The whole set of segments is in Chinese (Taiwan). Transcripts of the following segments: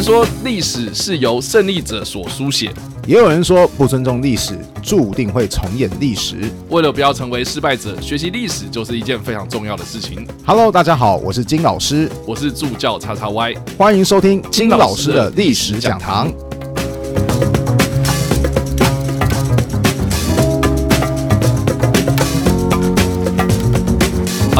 有人說歷史是由勝利者所書寫，也有人說不尊重歷史，注定會重演歷史。為了不要成為失敗者，學習歷史就是一件非常重要的事情。Hello，大家好，我是金老師，我是助教叉叉 Y，歡迎收聽金老師的歷史講堂。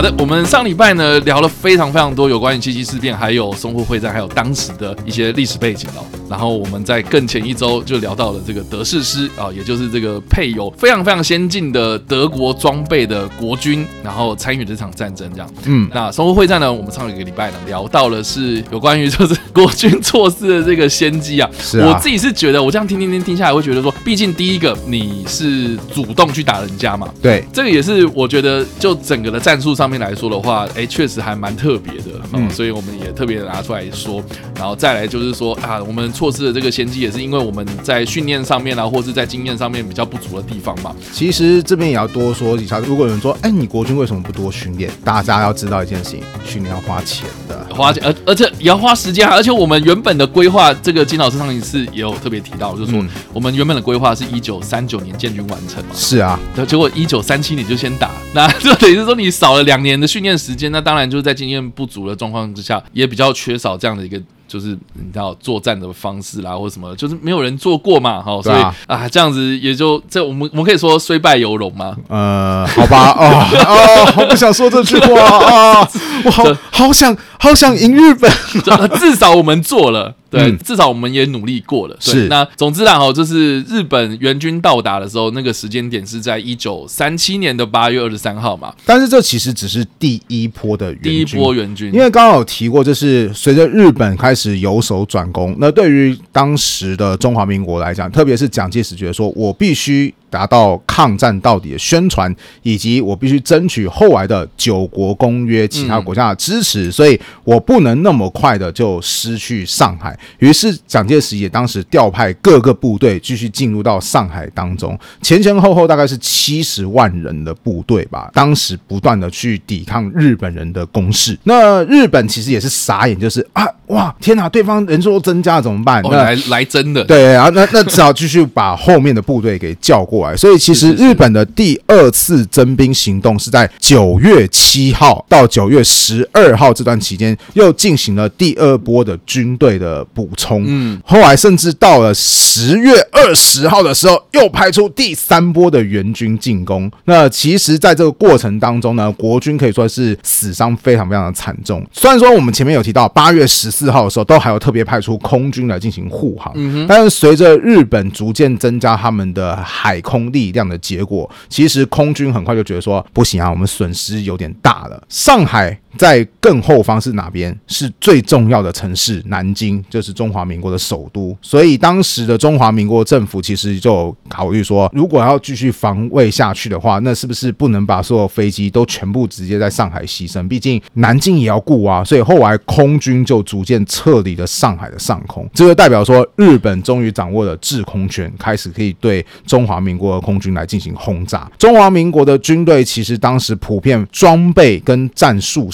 好的，我們上禮拜呢聊了非常非常多有關於七七事變，還有淞滬會戰，還有當時的一些歷史背景哦。然後我們在更前一周就聊到了這個德式師啊，也就是這個配有非常非常先進的德國裝備的國軍，然後參與這場戰爭這樣。嗯，那淞滬會戰呢，我們上一個禮拜呢聊到了是有關於就是國軍錯失的這個先機啊。是啊。我自己是覺得，我這樣聽聽聽聽下來，會覺得說，畢竟第一個你是主動去打人家嘛。對。這個也是我覺得就整個的戰術上。面來說的話，哎、欸，確實還蠻特別的，嗯，所以我們也特別拿出來說。然後再來就是說啊，我們錯失了這個先機，也是因為我們在訓練上面啊，或是在經驗上面比較不足的地方嘛。其實這邊也要多說一下，如果有人說，哎、欸，你國軍為什麼不多訓練？大家要知道一件事情，訓練要花錢的，花錢，而而且也要花時間，而且我們原本的規劃，這個金老師上一次也有特別提到，就是說、嗯、我們原本的規劃是一九三九年建軍完成嘛，是啊，然後結果一九三七年就先打，那就等於是說你少了兩。年的訓練時間，那當然就是在經驗不足的狀況之下，也比較缺少這樣的一個，就是你知道作戰的方式啦，或者什麼的，就是沒有人做過嘛，哈，啊、所以啊，這樣子也就這，我們我們可以說雖敗猶榮嘛，呃，好吧， 哦啊，我、哦、不想說這句話啊、哦，我好好想好想贏日本、啊，至少我們做了。對，嗯，至少我們也努力過了。對。是，那總之然後，哈，就是日本援軍到達的時候，那個時間點是在一九三七年的八月二十三號嘛。但是這其實只是第一波的援軍，第一波援軍。因為剛剛有提過，就是隨着日本開始由守轉攻，那對於當時的中華民國來講，特別是蔣介石覺得說，我必須。達到抗戰到底的宣傳，以及我必須爭取後來的九國公約其他國家的支持，所以我不能那麼快的就失去上海。於是蔣介石也當時調派各個部隊繼續進入到上海當中，前前後後大概是七十萬人的部隊吧，當時不斷的去抵抗日本人的攻勢。那日本其實也是傻眼，就是啊哇天哪、啊，對方人數增加了怎麼辦？那來來真的，對啊，那那只好繼續把後面的部隊給叫過。所以，其實日本的第二次徵兵行動是在九月七號到九月十二號這段期間，又進行了第二波的軍隊的補充。嗯，後來甚至到了十月二十號的時候，又派出第三波的援軍進攻。那其實，在這個過程當中呢，國軍可以說是死傷非常非常的慘重。雖然說我們前面有提到，八月十四號的時候都還有特別派出空軍來進行護航，但是隨着日本逐漸增加他們的海空。空力量的結果，其實空軍很快就覺得說不行啊，我們損失有點大了。上海。在更後方是哪邊？是最重要的城市，南京就是中華民國的首都，所以當時的中華民國政府其實就考慮說，如果要繼續防衛下去的話，那是不是不能把所有飛機都全部直接在上海犧牲？畢竟南京也要顧啊。所以後來空軍就逐漸撤離了上海的上空，這就代表說日本終於掌握了制空權，開始可以對中華民國的空軍來進行轟炸。中華民國的軍隊其實當時普遍裝備跟戰術，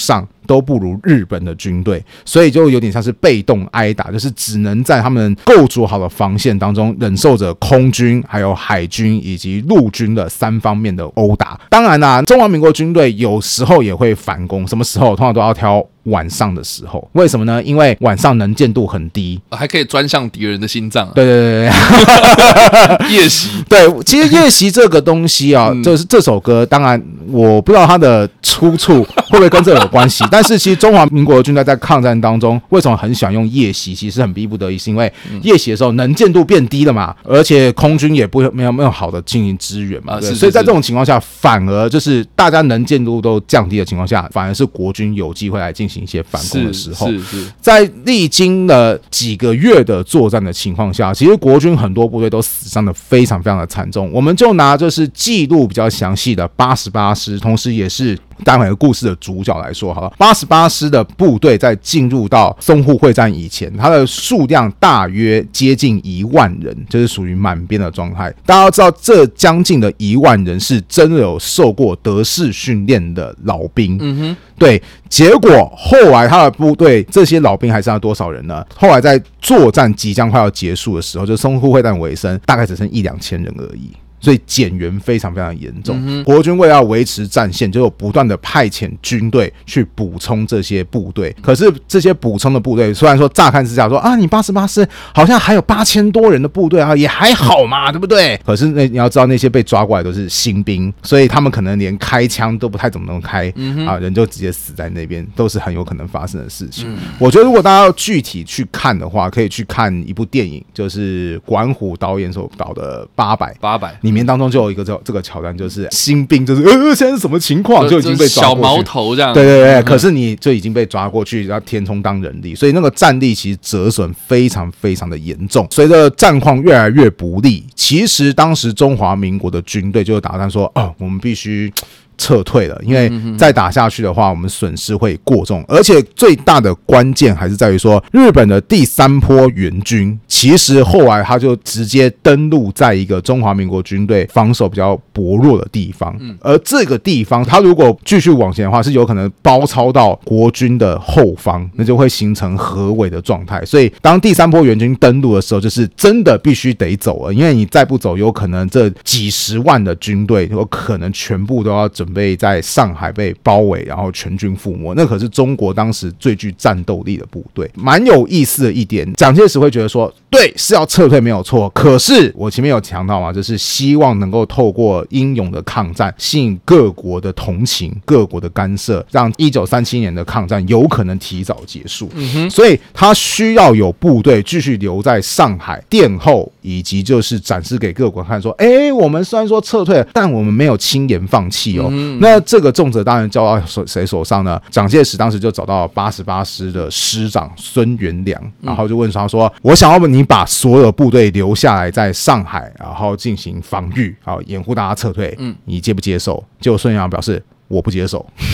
都不如日本的軍隊，所以就有點像是被動挨打，就是只能在他們構築好的防線當中忍受着空軍、還有海軍以及陸軍的三方面的毆打。當然啦、啊，中華民國軍隊有時候也會反攻，什麼時候通常都要挑晚上的時候，為什麼呢？因為晚上能見度很低，還可以鑽向敵人的心臟、啊。對對對對對 席，夜襲。對，其實夜襲這個東西啊，嗯、就是這首歌，當然。我不知道他的出處會不會跟這有關係，但是其實中華民國的軍隊在抗戰當中為什麼很想用夜襲？其實很逼不得已，是因為夜襲的時候能見度變低了嘛，而且空軍也不會沒有沒有好的進行支援嘛，所以在這種情況下，反而就是大家能見度都降低的情況下，反而是國軍有機會來進行一些反攻的時候。是是，在歷經了幾個月的作戰的情況下，其實國軍很多部隊都死傷的非常非常的慘重。我們就拿就是記錄比較詳細的八十八時，同時也是待會的故事的主角來說，好了，八十八師的部隊在進入到淞滬會戰以前，它的數量大約接近一萬人，就是屬於滿編的狀態。大家要知道，這將近的一萬人是真的有受過德式訓練的老兵，嗯哼，對。結果後來他的部隊，這些老兵還剩下多少人呢？後來在作戰即將快要結束的時候，就淞滬會戰尾聲，大概只剩一兩千人而已。所以減員非常非常嚴重。國軍為了要維持戰線，就不斷的派遣軍隊去補充這些部隊。可是這些補充的部隊，雖然說乍看之下說啊，你八十八師好像還有八千多人的部隊啊，也還好嘛，對不對？可是那你要知道，那些被抓過來都是新兵，所以他們可能連開槍都不太怎麼能開啊，人就直接死在那邊，都是很有可能發生的事情。嗯。我覺得如果大家要具體去看的話，可以去看一部電影，就是管虎導演所搞的《八百》。八百。裡面當中就有一個這這個橋段，就是新兵，就是呃，現在是什麼情況，就已經被抓小毛頭這樣，對對對。可是你就已經被抓過去，然後填充當人力，所以那個戰力其實折損非常非常的嚴重。隨着戰況越來越不利，其實當時中華民國的軍隊就打算說，啊，我們必須。撤退了，因為再打下去的話，我們損失會過重。而且最大的關鍵還是在於說，日本的第三波援軍，其實後來他就直接登陸在一個中華民國軍隊防守比較薄弱的地方。嗯，而這個地方，他如果繼續往前的話，是有可能包抄到國軍的後方，那就會形成合圍的狀態。所以，當第三波援軍登陸的時候，就是真的必須得走了，因為你再不走，有可能這幾十萬的軍隊有可能全部都要走。準備在上海被包圍，然後全軍覆沒。那可是中國當時最具戰鬥力的部隊。蠻有意思的一點，蔣介石會覺得說，對，是要撤退沒有錯。可是我前面有強調嘛，就是希望能夠透過英勇的抗戰，吸引各國的同情、各國的干涉，讓一九三七年的抗戰有可能提早結束。嗯、哼所以他需要有部隊繼續留在上海殿後，以及就是展示給各國看，說，誒，我們雖然說撤退了，但我們沒有輕言放棄哦。嗯嗯、那這個重責當然交到誰誰手上呢？蔣介石當時就找到八十八師的師長孫元良，然後就問他說：“嗯、我想要不，你把所有部隊留下來，在上海，然後進行防禦，好掩護大家撤退？嗯，你接不接受？”嗯、結果孫元良表示：“我不接受。 ”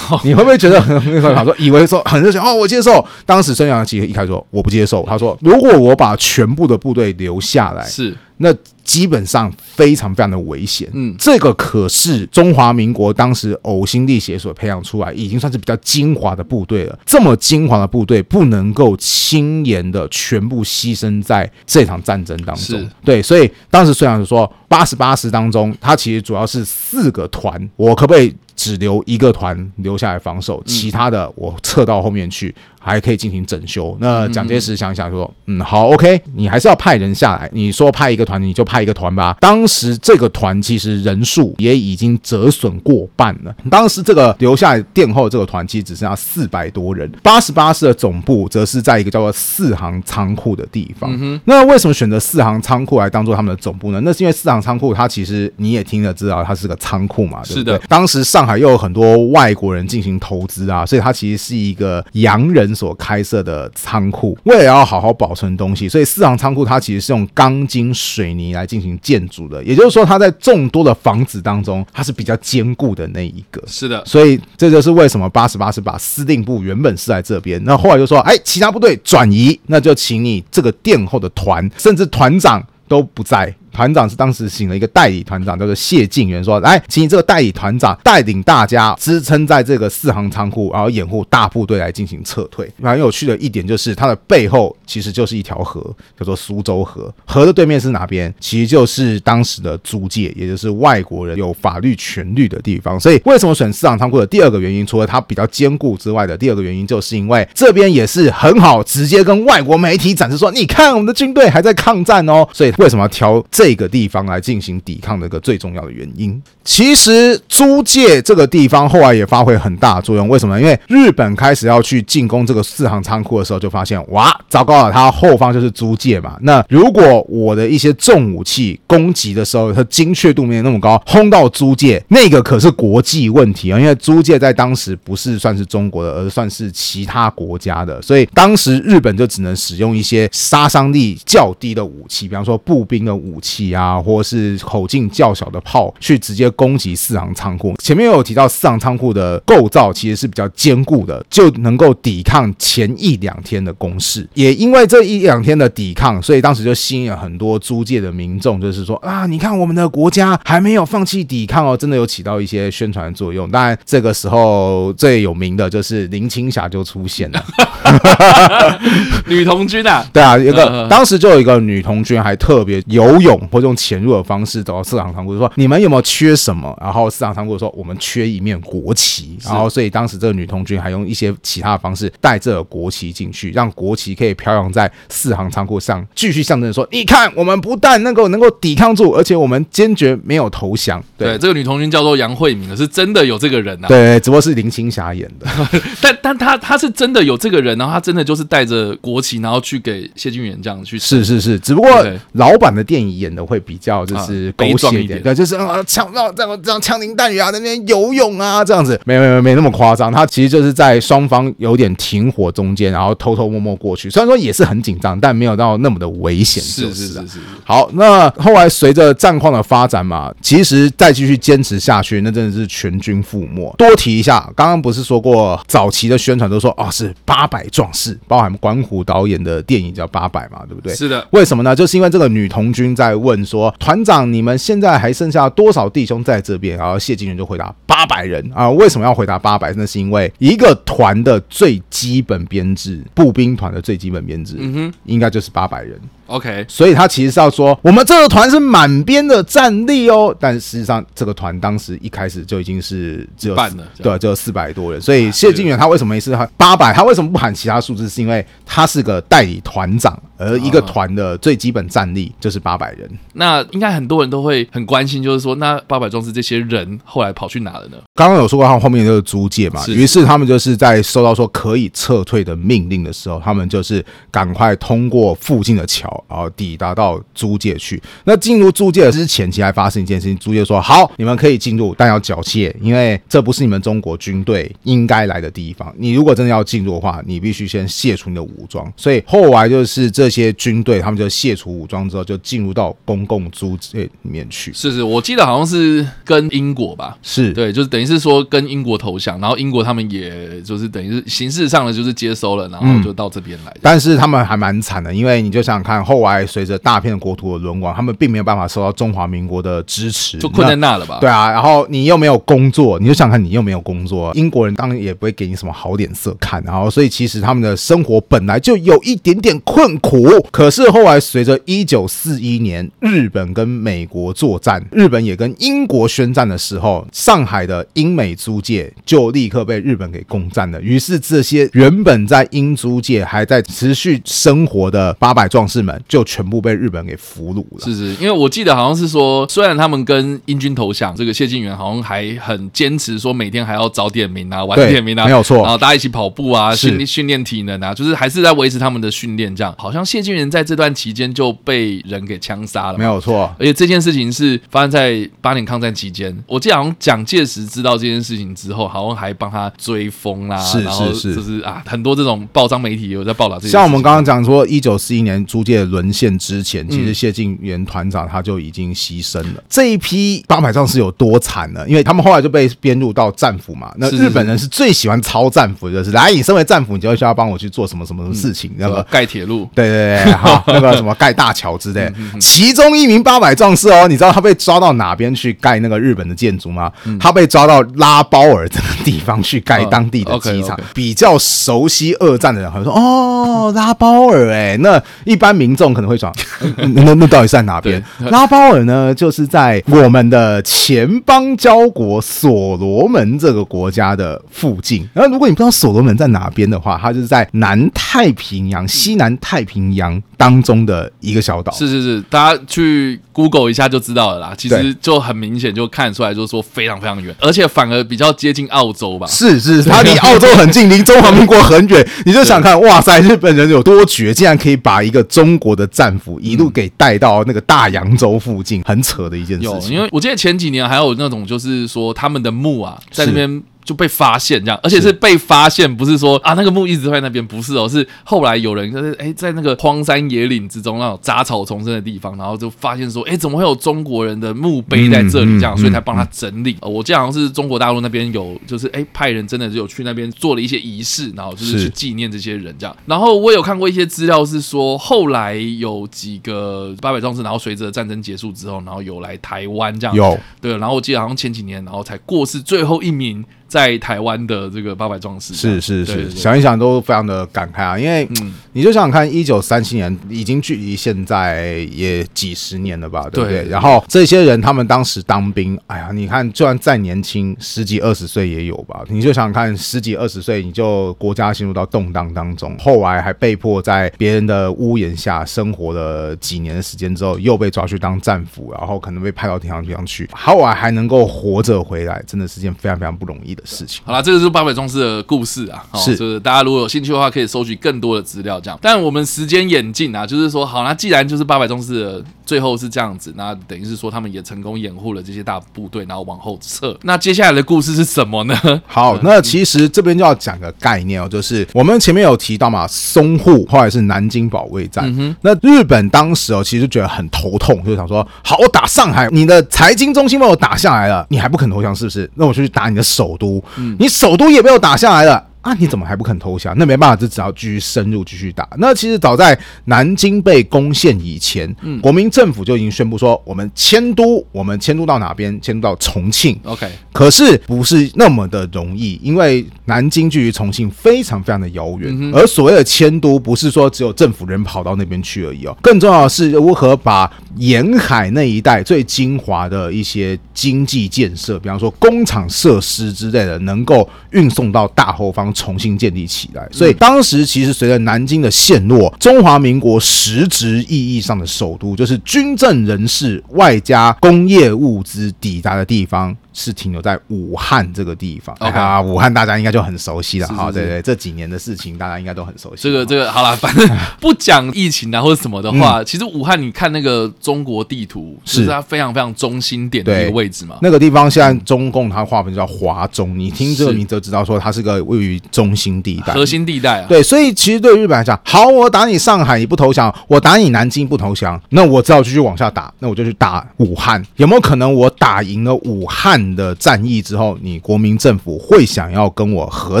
Oh, 你會不會覺得很那個？他說 以為說很熱血哦，我接受。當時孫楊其實一開始說我不接受，他說如果我把全部的部隊留下來，是那基本上非常非常的危險。嗯，這個可是中華民國當時嘔心瀝血所培養出來，已經算是比較精華的部隊了。這麼精華的部隊不能夠輕言的全部犧牲在這場戰爭當中。是對，所以當時孫楊就說，八十八師當中，他其實主要是四個團，我可不可以？只留一個團留下來防守，其他的我撤到後面去。還可以進行整修。那蔣介石想想說，嗯，嗯，好，OK，你還是要派人下來。你說派一個團，你就派一個團吧。當時這個團其實人數也已經折損過半了。當時這個留下來殿後這個團，其實只剩下四百多人。八十八師的總部，則是在一個叫做四行倉庫的地方。嗯哼。那為什麼選擇四行倉庫來當做他們的總部呢？那是因為四行倉庫它其實你也聽得知道，它是個倉庫嘛。對，對。是的，當時上海又有很多外國人進行投資啊，所以它其實是一個洋人。所開設的倉庫，為了要好好保存東西，所以四行倉庫它其實是用鋼筋水泥來進行建築的，也就是說，它在眾多的房子當中，它是比較堅固的那一個。是的，所以這就是為什麼八十八師把司令部原本是在這邊，那後，後來就說，哎、欸，其他部隊轉移，那就請你這個殿後的團，甚至團長都不在。團長是當時請了一個代理團長，叫做謝晉元，說來，請這個代理團長帶領大家支撐在這個四行倉庫，然後掩護大部隊來進行撤退。蠻有趣的一點就是，它的背後其實就是一條河，叫做蘇州河。河的對面是哪邊？其實就是當時的租界，也就是外國人有法律權利的地方。所以為什麼選四行倉庫的第二個原因，除了它比較堅固之外的第二個原因，就是因為這邊也是很好直接跟外國媒體展示說，你看我們的軍隊還在抗戰哦。所以為什麼要挑？這個地方來進行抵抗的一個最重要的原因，其實租界這個地方後來也發揮很大的作用。為什麼？因為日本開始要去進攻這個四行倉庫的時候，就發現哇，糟糕了！它後方就是租界嘛。那如果我的一些重武器攻擊的時候，它精確度沒有那麼高，轟到租界，那個可是國際問題啊，哦。因為租界在當時不是算是中國的，而算是其他國家的，所以當時日本就只能使用一些殺傷力較低的武器，比方說步兵的武器。起啊，或是口徑較小的炮去直接攻擊四行倉庫。前面有提到四行倉庫的構造其實是比較堅固的，就能夠抵抗前一兩天的攻勢。也因為這一兩天的抵抗，所以當時就吸引了很多租界的民眾，就是說啊，你看我們的國家還沒有放棄抵抗哦，真的有起到一些宣傳作用。當然，這個時候最有名的就是林青霞就出現了， 女童軍啊，對啊，一個當時就有一個女童軍還特別游泳。或者用潛入的方式走到四行倉庫，就是、說你們有沒有缺什麼？然後四行倉庫說我們缺一面國旗，啊、然後所以當時這個女童軍還用一些其他的方式帶着國旗進去，讓國旗可以飄揚在四行倉庫上，繼續象徵說你看，我們不但能夠能夠抵抗住，而且我們堅決沒有投降。對，對，這個女童軍叫做楊惠敏的，是真的有這個人啊，對，只不過是林青霞演的， 但但他她是真的有這個人，然後他真的就是帶着國旗，然後去給謝晉元這樣去，是是是，只不過老版的電影。顯得會比較就是狗血一點，對，就是啊，槍啊，這樣，這樣槍林彈雨啊在那邊游泳啊，這樣子，沒有，沒有，沒那麼誇張。他其實就是在雙方有點停火中間，然後偷偷摸摸過去。雖然說也是很緊張，但沒有到那麼的危險，是是，是，是，好。那後來隨着戰況的發展嘛，其實再繼續堅持下去，那真的是全軍覆沒。多提一下，剛剛不是說過早期的宣傳都說啊是八百壯士，包含管虎導演的電影叫《八佰》嘛，對不對？是的。為什麼呢？就是因為這個女童軍在。問說團長，你們現在還剩下多少弟兄在這邊？然後謝晉元就回答八百人啊、呃。為什麼要回答八百？那是因為一個團的最基本編制，步兵團的最基本編制，嗯哼，應該就是八百人。OK，所以他其實是要說，我們這個團是滿編的戰力哦。但實際上這個團當時一開始就已經是只有半了，對，只有四百多人。所以、啊、謝晉元他為什麼也是喊八百？他為什麼不喊其他數字？是因為他是個代理團長，而一個團的最基本戰力就是八百人、啊。那應該很多人都會很關心，就是說，那八百壯士這些人後來跑去哪了呢？剛剛有說過，他們後面就是租界嘛。於是，是他們就是在收到說可以撤退的命令的時候，他們就是趕快通過附近的橋。然後抵達到租界去，那進入租界之前，其實還發生一件事情。租界說：“好，你們可以進入，但要繳械，因為這不是你們中國軍隊應該來的地方。你如果真的要進入的話，你必須先卸除你的武裝。”所以後來就是這些軍隊，他們就卸除武裝之後，就進入到公共租界裡面去。是是，我記得好像是跟英國吧？是對，就是等於是說跟英國投降，然後英國他們也就是等於是形式上的就是接收了，然後就到這邊來。嗯、這樣。但是他們還蠻慘的，因為你就想想看。後來隨着大片的國土的淪亡，他們並沒有辦法受到中華民國的支持，就困在那了吧？那，對啊，然後你又沒有工作，你就想看你又沒有工作，英國人當然也不會給你什麼好臉色看，然後所以其實他們的生活本來就有一點點困苦。可是後來隨着一九四一年日本跟美國作戰，日本也跟英國宣戰的時候，上海的英美租界就立刻被日本給攻占了。於是這些原本在英租界還在持續生活的八百壯士們，就全部被日本給俘虜了，是是，因為我記得好像是說，雖然他們跟英軍投降，這個謝晉元好像還很堅持說每天還要早點名啊，晚點名啊，沒有錯，然後大家一起跑步啊，訓訓練體能啊，就是還是在維持他們的訓練這樣。好像謝晉元在這段期間就被人給槍殺了，沒有錯。而且這件事情是發生在八年抗戰期間，我記得好像蔣介石知道這件事情之後，好像還幫他追封啦、啊，是是是，然後就是啊，很多這種報章媒體有在報道這件事，像我們剛剛講說一九四一年租界淪陷之前，其實謝晉元團長他就已經犧牲了。嗯、這一批八百壯士有多慘呢？因為他們後來就被編入到戰俘嘛。那日本人是最喜歡操戰俘，就是，是，是，是來，你身為戰俘，你就會需要幫我去做什麼什麼事情，嗯、那個蓋鐵路，對對對，哈，那個什麼蓋大橋之類的。 其中一名八百壯士哦，你知道他被抓到哪邊去蓋那個日本的建築嗎？嗯、他被抓到拉包爾這個地方去蓋當地的機場。哦、okay, okay 比較熟悉二戰的人會說，哦，拉包爾、欸，哎，那一般民，民眾可能會想， 那那到底是在哪邊？對拉包爾呢？就是在我們的前邦交國所羅門這個國家的附近。然、啊、後，如果你不知道所羅門在哪邊的話，它就是在南太平洋、西南太平洋當中的一個小島。是是是，大家去 Google 一下就知道了啦。其實就很明顯就看出來，就是說非常非常遠，而且反而比較接近澳洲吧？是是，它離澳洲很近，離中華民國很遠。你就想看，對哇塞，日本人有多絕，竟然可以把一個中國的戰俘一路給帶到那個大洋洲附近，很扯的一件事情。因為我記得前幾年還有那種，就是說他們的墓啊，在那邊。就被發現這樣，而且是被發現，不是說是啊那個墓一直在那邊，不是哦、喔，是後來有人就是誒，在那個荒山野嶺之中那種雜草叢生的地方，然後就發現說誒、欸，怎麼會有中國人的墓碑在這裡這樣？嗯、所以才幫他整理、嗯嗯呃。我記得好像是中國大陸那邊有就是誒、欸，派人真的有去那邊做了一些儀式，然後就是去紀念這些人這樣。是然後我有看過一些資料是說，後來有幾個八百壯士，然後隨着戰爭結束之後，然後有來台灣這樣有對，然後我記得好像前幾年然後才過世最後一名。在台灣的這個八百壯士，是是是，對對對，想一想都非常的感慨啊！因為、嗯、你就想想看，一九三七年已經距離現在也幾十年了吧，對不對？對，然後這些人他們當時當兵，哎呀，你看，就算再年輕，十幾二十歲也有吧？你就想想看，十幾二十歲你就國家陷入到動盪當中，後來還被迫在別人的屋檐下生活了幾年的時間之後，又被抓去當戰俘，然後可能被派到太平洋去，後來還能夠活着回來，真的是件非常非常不容易的的事情，好了，這個是八百壯士的故事啊，哦、是，就是大家如果有興趣的話，可以收集更多的資料這樣。但我們時間演進啊，就是說，好，那既然就是八百壯士的最後是這樣子，那等於是說他們也成功掩護了這些大部隊，然後往後撤。那接下來的故事是什麼呢？好，那其實這邊就要講個概念哦，就是我們前面有提到嘛，淞滬後來是南京保衛戰，嗯、哼那日本當時哦，其實覺得很頭痛，就想說，好，我打上海，你的財經中心被我打下來了，你還不肯投降，是不是？那我就去打你的首都。嗯，你首都也被我打下來了。那你怎麼還不肯投降？那沒辦法，就只要繼續深入，繼續打。那其實早在南京被攻陷以前，嗯，國民政府就已經宣布說，我們遷都，我們遷都到哪邊？遷都到重慶。OK，可是不是那麼的容易，因為南京距離重慶非常非常的遙遠。嗯哼，而所謂的遷都不是說只有政府人跑到那邊去而已哦，更重要的是如何把沿海那一帶最精華的一些經濟建設，比方說工廠設施之類的，能夠運送到大後方。重新建立起來，所以當時其實隨着南京的陷落，中華民國實質意義上的首都，就是軍政人士外加工業物資抵達的地方，是停留在武漢這個地方。OK，啊、武漢大家應該就很熟悉了哈。是是是哦、對，對對，這幾年的事情大家應該都很熟悉，這個，這個這個好了，反正不講疫情啊或者什麼的話，嗯、其實武漢你看那個中國地圖，就是它非常非常中心點的一個位置嘛。那個地方現在中共它劃分叫華中，你聽這個名字就知道說它是個位於。中心地帶，核心地帶啊，對，所以其實對於日本來講，好，我打你上海你不投降，我打你南京不投降，那我只好繼續往下打，那我就去打武漢，有沒有可能我打贏了武漢的戰役之後，你國民政府會想要跟我和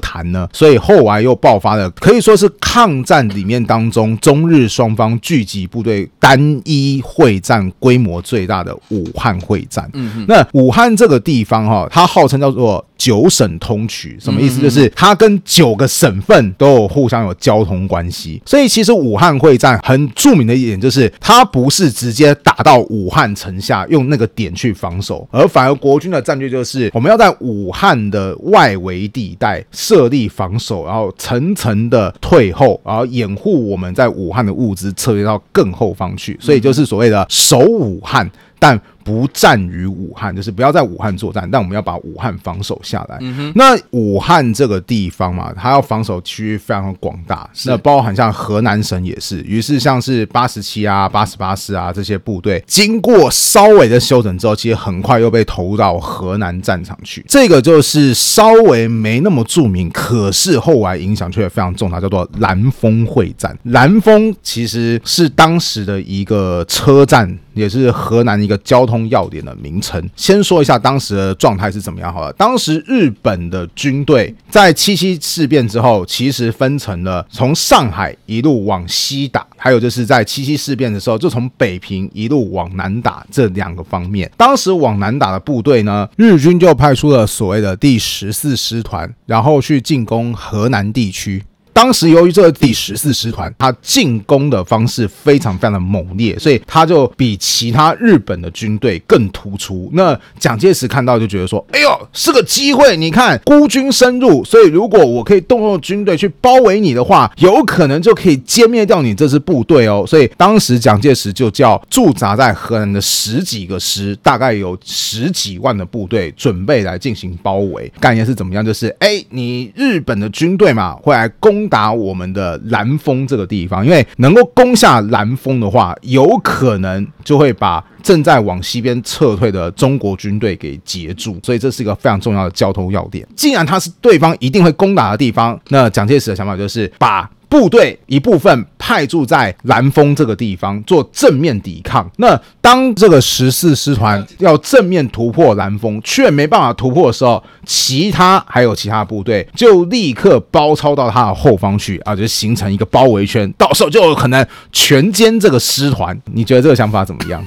談呢？所以後來又爆發了，可以說是抗戰裡面當中中日雙方聚集部隊單一會戰規模最大的武漢會戰。嗯嗯哼，那武漢這個地方哈，它號稱叫做九省通衢，什麼意思？就是它跟跟九個省份都有互相有交通關係，所以其實武漢會戰很著名的一點就是，它不是直接打到武漢城下用那個點去防守，而反而國軍的戰略就是，我們要在武漢的外圍地帶設立防守，然後層層的退後，然後掩護我們在武漢的物資撤離到更後方去，所以就是所謂的守武漢，但。不戰於武漢，就是不要在武漢作戰，但我們要把武漢防守下來。嗯哼。那武漢這個地方嘛，它要防守區域非常的廣大，那包含像河南省也是。於是像是八十七啊、八十八師啊這些部隊，經過稍微的休整之後，其實很快又被投入到河南戰場去。這個就是稍微沒那麼著名，可是後來影響卻非常重大，叫做蘭封會戰。蘭封其實是當時的一個車站，也是河南一個交通。要點的名稱，先說一下當時的狀態是怎麼樣好了。當時日本的軍隊在七七事變之後，其實分成了從上海一路往西打，還有就是在七七事變的時候就從北平一路往南打這兩個方面。當時往南打的部隊呢，日軍就派出了所謂的第十四師團，然後去進攻河南地區。當時由於這個第十四師團，他進攻的方式非常非常的猛烈，所以他就比其他日本的軍隊更突出。那蔣介石看到就覺得說：“哎呦，是個機會！你看孤軍深入，所以如果我可以動用軍隊去包圍你的話，有可能就可以殲滅掉你這支部隊哦。”所以當時蔣介石就叫駐紮在河南的十幾個師，大概有十幾萬的部隊準備來進行包圍。概念是怎麼樣？就是哎，你日本的軍隊嘛，會來攻。攻打我們的蘭封這個地方，因為能夠攻下蘭封的話，有可能就會把正在往西邊撤退的中國軍隊給截住，所以這是一個非常重要的交通要點。既然它是對方一定會攻打的地方，那蔣介石的想法就是把。部隊一部分派駐在蘭封這個地方做正面抵抗。那當這個十四師團要正面突破蘭封卻沒辦法突破的時候，其他還有其他部隊就立刻包抄到他的後方去啊，就形成一個包圍圈，到時候就可能全殲這個師團。你覺得這個想法怎麼樣？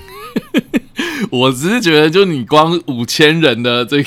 我只是覺得，就你光五千人的這個。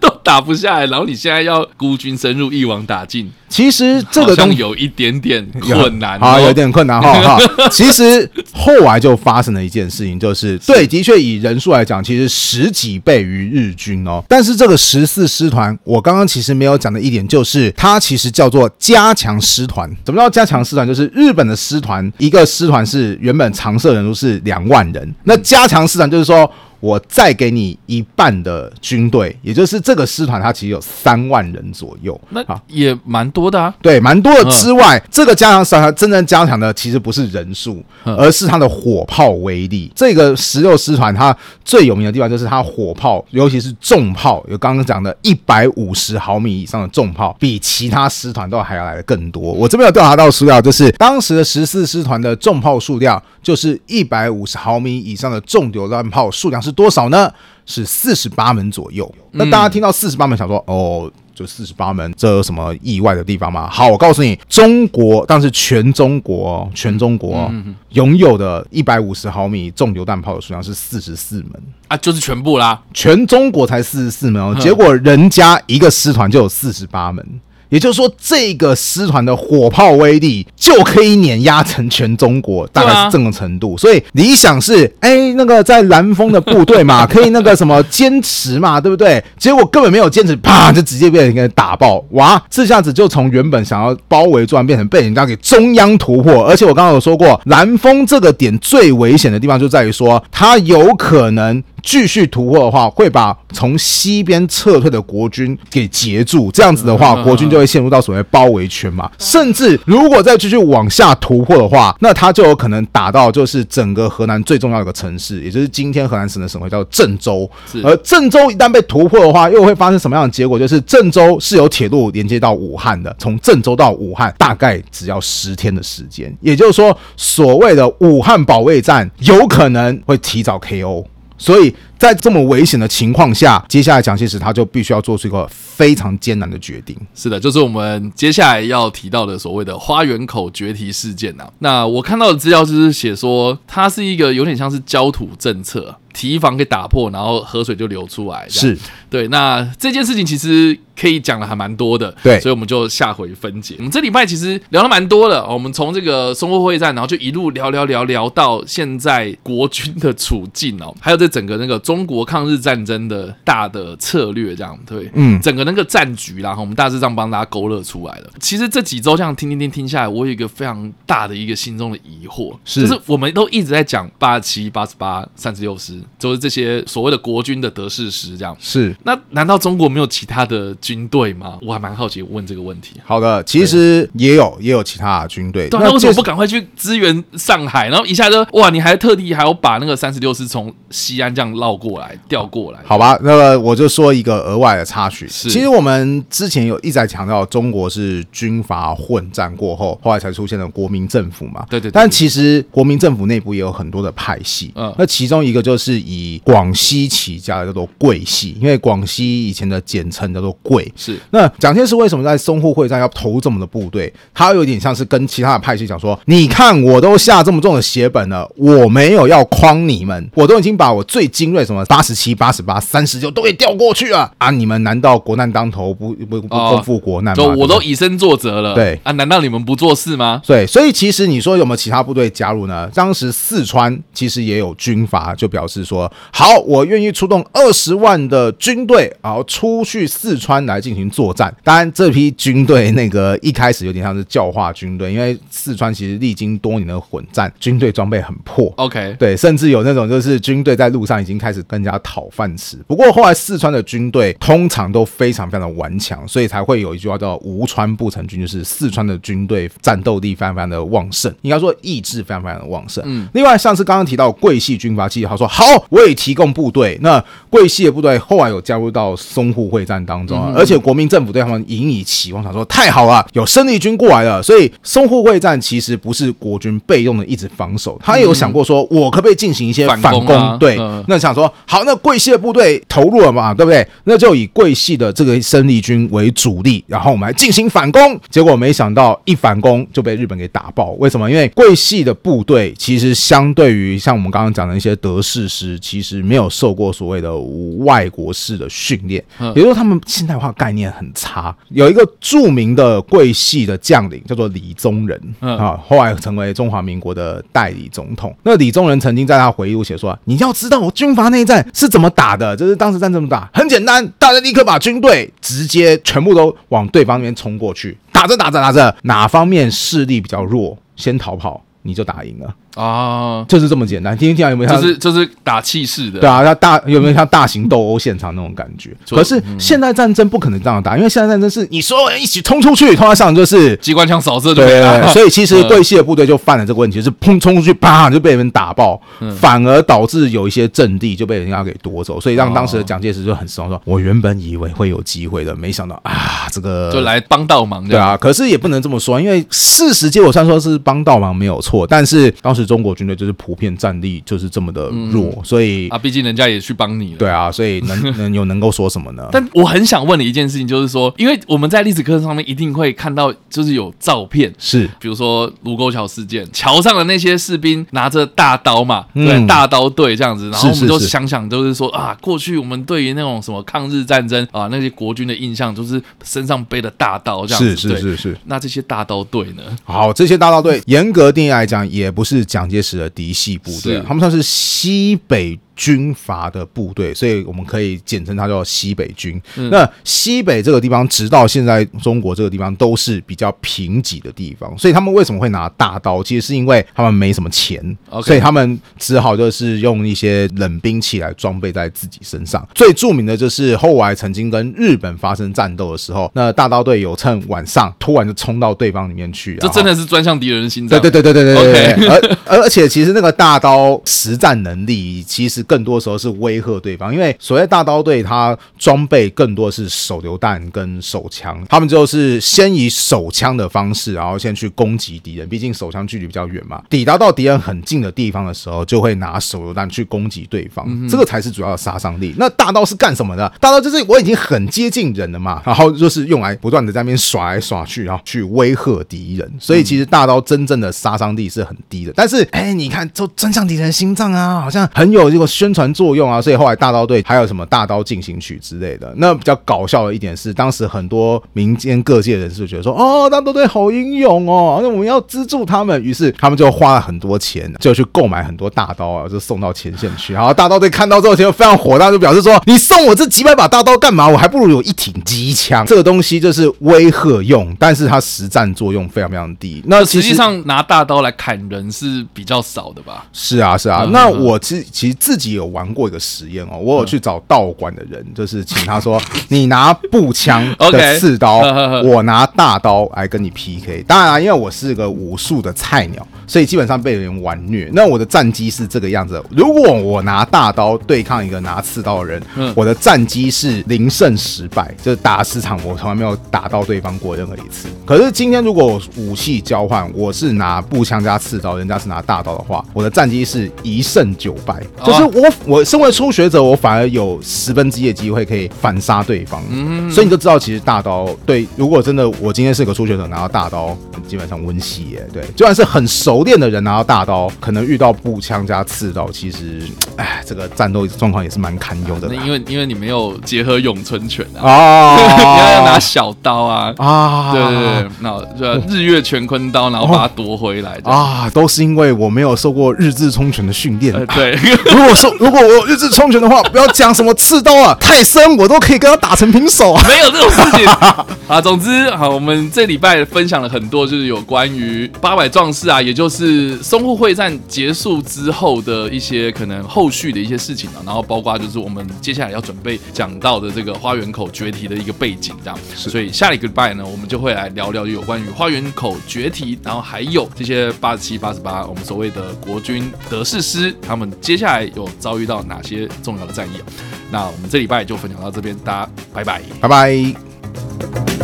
打不下來，然後你現在要孤軍深入，一網打盡，其實這個東西有一點點困難，好、啊，或有一點困難，好、 哦、其實後來就發生了一件事情，就是對，的確以人數來講，其實十幾倍於日軍哦。但是這個十四師團，我剛剛其實沒有講的一點，就是它其實叫做加強師團。怎麼叫加強師團？就是日本的師團，一個師團是原本常設人數是兩萬人，那加強師團就是說。我再給你一半的軍隊，也就是這個師團，它其實有三萬人左右，那也蠻多的啊。啊對，蠻多的。之外，嗯、這個加強師團真正加強的其實不是人數，嗯、而是它的火炮威力。這個十六師團它最有名的地方就是它火炮，尤其是重炮，有剛剛講的一百五十毫米以上的重炮，比其他師團都還要來得更多。我這邊有調查到的資料，就是當時的十四師團的重炮數量，就是一百五十毫米以上的重榴彈炮數量是。多少呢？是四十八門左右。那大家聽到四十八門，想說、嗯、哦，就四十八門，這有什麼意外的地方嗎？好，我告訴你，中國，但是全中國，全中國擁有的一百五十毫米重榴彈炮的數量是四十四門啊，就是全部啦，全中國才四十四門哦，結果人家一個師團就有四十八門。也就是說，這個師團的火炮威力就可以碾壓成全中國，大概是這種程度。啊、所以理想是，哎、欸，那個在蘭封的部隊嘛，可以那個什麼堅持嘛， 對不對？結果根本沒有堅持，啪就直接被人給打爆，哇！這下子就從原本想要包圍，突然變成被人家給中央突破。而且我剛剛有說過，蘭封這個點最危險的地方就在於說，他有可能，繼續突破的話，會把從西邊撤退的國軍給截住。這樣子的話，國軍就會陷入到所謂包圍圈嘛。甚至如果再繼續往下突破的話，那他就有可能打到就是整個河南最重要的一個城市，也就是今天河南省的省會，叫鄭州。而鄭州一旦被突破的話，又會發生什麼樣的結果？就是鄭州是由鐵路連接到武漢的，從鄭州到武漢大概只要十天的時間。也就是說，所謂的武漢保衛戰有可能會提早 KO。所以。在這麼危險的情況下，接下來蔣介石他就必須要做出一個非常艱難的決定。是的，就是我們接下來要提到的所謂的花園口決堤事件啊。那我看到的資料就是寫說，它是一個有點像是焦土政策，堤防給打破，然後河水就流出來。是對。那這件事情其實可以講的還蠻多的，對。所以我們就下回分解。我們這禮拜其實聊了蠻多的，哦，我們從這個淞滬會戰，然後就一路聊聊聊聊，到現在國軍的處境哦，還有這整個那個中。中國抗日戰爭的大的策略，這樣。對，嗯，整個那個戰局啦，我們大致上幫大家勾勒出來了。其實這幾周這樣聽聽聽聽下來，我有一個非常大的一個心中的疑惑，是，就是我們都一直在講八十七、八十八、三十六師，就是這些所謂的國軍的德式師，這樣是。那難道中國沒有其他的軍隊嗎？我還蠻好奇問這個問題。好的，其實對 也有也有其他的軍隊、啊，那為什麼不趕快去支援上海？然後一下就哇，你還特地還要把那個三十六師從西安這樣繞過過來調過來、啊，好吧，那麼、個、我就說一個額外的插曲。是其實我們之前有一再強調，中國是軍閥混戰過後，後來才出現了國民政府嘛。對對，對對。但其實國民政府內部也有很多的派系，嗯，那其中一個就是以廣西起家的叫做桂系，因為廣西以前的簡稱叫做桂。是。那蔣介石為什麼在淞滬會戰要投這麼多部隊？他有點像是跟其他的派系講說：“嗯、你看，我都下這麼重的血本了，我沒有要框你們，我都已經把我最精銳。”什麼八十七、八十八、三十九都給調過去了啊？你們難道國難當頭不不不共赴國難嗎？我都以身作則了，對啊？難道你們不做事嗎？對，所以其實你說有沒有其他部隊加入呢？當時四川其實也有軍閥就表示說：“好，我願意出動二十萬的軍隊，然後出去四川來進行作戰。”當然，這批軍隊那個一開始有點像是教化軍隊，因為四川其實歷經多年的混戰，軍隊裝備很破。OK，對，甚至有那種就是軍隊在路上已經開始。是更加討飯吃。不過後來四川的軍隊通常都非常非常的頑強，所以才會有一句話叫“無川不成軍”，就是四川的軍隊戰鬥力非常非常的旺盛，應該說意志非常非常的旺盛。嗯。另外上次剛剛提到桂系軍閥，其實他說好，我也提供部隊。那桂系的部隊後來有加入到淞滬會戰當中，嗯、而且國民政府對他們引以期望，他說太好了，有生力軍過來了。所以淞滬會戰其實不是國軍被動的一直防守，他也有想過說我可不可以進行一些反攻？反攻啊、對，嗯、那想說。好，那桂系的部隊投入了嘛，對不對？那就以桂系的這個生力軍為主力，然後我們來進行反攻。結果沒想到一反攻就被日本給打爆。為什麼？因為桂系的部隊其實相對於像我們剛剛講的一些德式師，其實沒有受過所謂的無外國式的訓練，也就是說他們現代化概念很差。有一個著名的桂系的將領叫做李宗仁，嗯，啊，後來成為中華民國的代理總統。那李宗仁曾經在他回憶錄寫說：“你要知道，我軍閥。”內戰是怎麼打的？就是當時戰爭這麼打？很簡單，大家立刻把軍隊直接全部都往對方那邊衝過去，打着打着打着，哪方面勢力比較弱，先逃跑，你就打贏了。啊，就是這麼簡單，聽一聽、啊、有沒有、就是？就是就是打氣勢的，對啊，那大有沒有像大型鬥毆現場那種感覺？對可是現代戰爭不可能這樣打，因為現代戰爭是你說一起衝出去，突然上就是機關槍掃射就沒，對，所以其實桂系的部隊就犯了這個問題， 呃、就是砰衝出去，啪就被別人打爆，嗯、反而導致有一些陣地就被人家給奪走，所以讓當時的蔣介石就很失望，說：“啊、我原本以為會有機會的，沒想到啊，這個就來幫倒忙。”對啊，可是也不能這麼說，因為事實結果上說是幫倒忙沒有錯，但是當時。中國軍隊就是普遍戰力就是這麼的弱，嗯、所以啊，畢竟人家也去幫你了，對啊，所以能能有能夠說什麼呢？ 但我很想問你一件事情，就是說，因為我們在歷史課上面一定會看到，就是有照片，是比如說盧溝橋事件，橋上的那些士兵拿着大刀嘛，嗯、對，大刀隊這樣子，然後我們就想想，就是說是是是啊，過去我們對於那種什麼抗日戰爭啊，那些國軍的印象，就是身上背的大刀這樣子，是是是是。那這些大刀隊呢？好，這些大刀隊嚴格定義來講，也不是。蔣介石的嫡系部隊，是啊、他們算是西北軍，軍閥的部隊，所以我們可以簡稱它叫西北軍。嗯、那西北這個地方，直到現在中國這個地方都是比較貧瘠的地方，所以他們為什麼會拿大刀？其實是因為他們沒什麼錢，Okay 所以他們只好就是用一些冷兵器來裝備在自己身上。最著名的就是後來曾經跟日本發生戰鬥的時候，那大刀隊有趁晚上突然就衝到對方裡面去，這真的是專向敵人的心臟。對對對對對對對，對。 而而且其實那個大刀實戰能力其實。更多時候是威嚇對方，因為所謂大刀隊，他裝備更多的是手榴彈跟手槍，他們就是先以手槍的方式，然後先去攻擊敵人，畢竟手槍距離比較遠嘛。抵達到敵人很近的地方的時候，就會拿手榴彈去攻擊對方，嗯、哼這個才是主要的殺傷力。那大刀是幹什麼的？大刀就是我已經很接近人了嘛，然後就是用來不斷的在那邊耍來耍去，啊，去威嚇敵人。所以其實大刀真正的殺傷力是很低的。但是，哎、欸，你看，就鑽向敵人的心臟啊，好像很有這個。宣傳作用啊，所以後來大刀隊還有什麼大刀進行曲之類的。那比較搞笑的一點是，當時很多民間各界人士就覺得說：“哦，大刀隊好英勇哦，那我們要資助他們。”於是他們就花了很多錢，就去購買很多大刀啊，就送到前線去。然後大刀隊看到之後就非常火大，那就表示說：“你送我這幾百把大刀幹嘛？我還不如有一挺機槍。”這個東西就是威嚇用，但是它實戰作用非常非常低。那實際上拿大刀來砍人是比較少的吧？是啊，是啊。那我其實，其實自己。己有玩過一個實驗哦，我有去找道館的人，就是請他說：“你拿步槍的刺刀，我拿大刀來跟你 PK。”當然啊，因為我是個武術的菜鳥。所以基本上被人玩虐。那我的戰績是這個樣子：如果我拿大刀對抗一個拿刺刀的人，嗯、我的戰績是零勝十敗，就是打十場我從來沒有打到對方過任何一次。可是今天如果武器交換，我是拿步槍加刺刀，人家是拿大刀的話，我的戰績是一勝九敗。哦、就是我我身為初學者，我反而有十分之一的機會可以反殺對方。嗯嗯，所以你就知道，其實大刀對，如果真的我今天是個初學者，拿到大刀基本上溫習耶。對，就算是很熟練的人拿到大刀，可能遇到步槍加刺刀，其實，哎，這個戰鬥狀況也是蠻堪憂的。啊、那因為因為你沒有結合詠春拳啊，啊， 你要拿小刀啊，啊，對對對，那、啊、我日月乾坤刀，然後把它奪回來。啊，都是因為我沒有受過日字衝拳的訓練、啊呃。對，如果說，如果我日字衝拳的話， 不要講什麼刺刀啊，泰森，我都可以跟他打成平手啊，沒有這種事情 啊。總之，好，我們這禮拜分享了很多，就是有關於八百壯士啊，也就是。是淞滬會戰結束之後的一些可能後續的一些事情啊，然後包括就是我們接下來要準備講到的這個花園口決堤的一個背景這樣，所以下一個禮拜呢，我們就會來聊聊有關於花園口決堤，然後還有這些八十七、八十八，我們所謂的國軍德式師，他們接下來有遭遇到哪些重要的戰役啊？那我們這禮拜就分享到這邊，大家拜拜，拜拜。